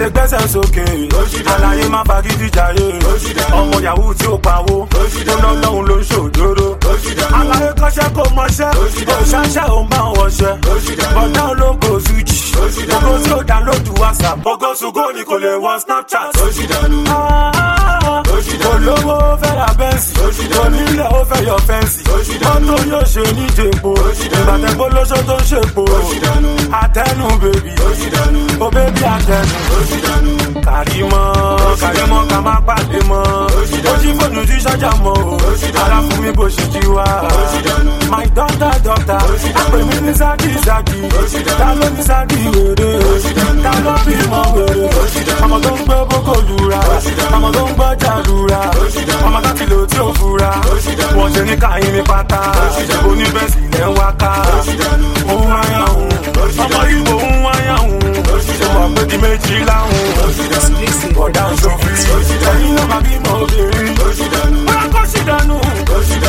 lè gbẹ́sẹ̀ sókè. àlàyé má fagídí jayé. ọmọ yahoo tí ó pawó. ó lọ lọ́hùn ló ń ṣòjóró. àlàyé kọ́ṣẹ́ kò mọṣẹ́. òṣàṣẹ́ ò ń bá wọn ṣẹ. bọ̀dá ológo suji. gbogbo tí ó dánlódù whatsapp. gbogbo sugo ni kò lè wọ snapchat. Ah, olówó fẹ́ ra bẹ́ǹsì. onílẹ̀ ó fẹ́ yọ fẹ́ǹsì. mọ́tò yóò ṣe níje po. ìbàtẹ́gbó lóṣó tó ń ṣe po. àtẹnu bèbí. o oh, bèbí àtẹnu. ká má pàdé mọ́. ó fóònù sí ṣọ́jà mọ́ o. ara fún mi bó ṣe jí wá. my daughter daughter àpè mi ní sáàkì ta ló ní sáàkì wèrè. ta ló bí mọ wèrè. ọmọ tó ń gbé boko lura. ọmọ tó ń gbọ́ jà lura. ọmọ láti lò tí ò fura. wọ́n ṣe ní káyín mi pátá. oníbẹ̀sì lẹ́ ń wáká. òun wáyà òun. ọmọ ìwò òun wáyà òun. ṣé wàá pé di méjì láhùn.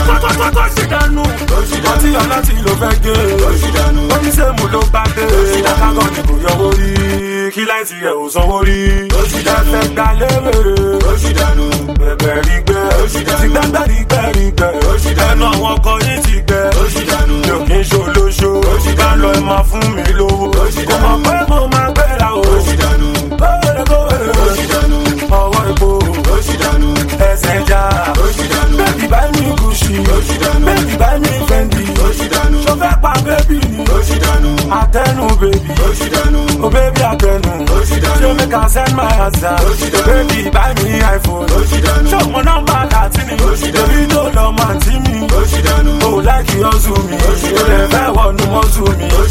kó sì dànù ọtí aláti ló fẹ́ gé oníṣèmù ló bá dé kákọ́ ni kò yọwọ́ rí kíláìsì rẹ̀ ò sanwó rí ẹ̀fẹ̀ gbalẹ́rẹ̀ bẹ̀bẹ̀ rí gbẹ́ ti gbẹ́gbẹ́ rí gbẹ́. Atenu, baby. Oh, baby, Atenu. Show me can send my answer. Baby, buy me iPhone. Show my number, Latini. Baby, don't know my team. Oh, like you, also me. Oh, they never want to me.